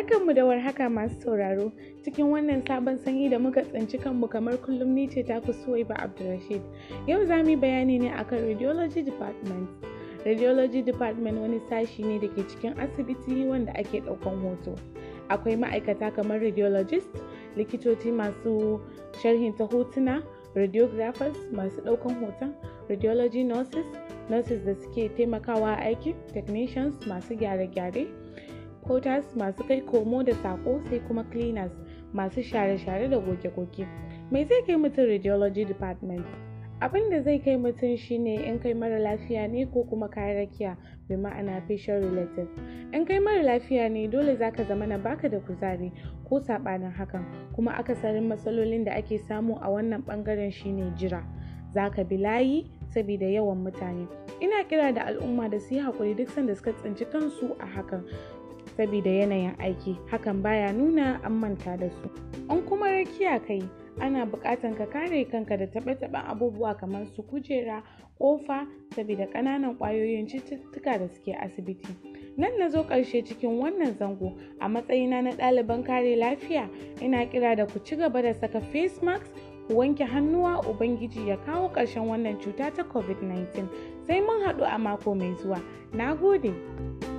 Barkanmu da warhaka masu sauraro cikin wannan sabon sanyi da muka tsinci kanmu kamar kullum ni ce taku Suwaiba Abdulrashid. Yau za mu yi bayani ne akan Radiology Department. Radiology Department wani sashi ne da ke cikin asibiti wanda ake ɗaukan hoto. Akwai ma'aikata kamar radiologist, likitoci masu sharhin ta hotuna, radiographers masu ɗaukan hoton, radiology nurses, nurses da suke taimakawa aiki technicians masu gyare-gyare. porters masu kai komo da sako sai kuma cleaners masu share-share da goge-goge mai zai kai mutum radiology department abin da zai kai mutum shine in kai mara lafiya ne ko kuma kayan rakiya mai ma'ana facial relative in kai mara lafiya ne dole zaka zama na baka da kuzari ko saɓanin hakan kuma akasarin matsalolin da ake samu a wannan bangaren shine jira zaka bi layi saboda yawan mutane ina kira da al'umma da su yi hakuri duk sanda suka tsinci kansu a hakan saboda yanayin aiki hakan baya nuna an manta da su an kuma rakiya kai ana buƙatan ka kare kanka da taɓe-taɓen abubuwa kamar su kujera ƙofa saboda ƙananan ƙwayoyin cututtuka da suke asibiti nan na zo ƙarshe cikin wannan zango a matsayina na ɗaliban kare lafiya ina kira da ku ci gaba da saka face mask ku wanke hannuwa ubangiji ya kawo ƙarshen wannan cuta ta covid-19 sai mun haɗu a mako mai zuwa na gode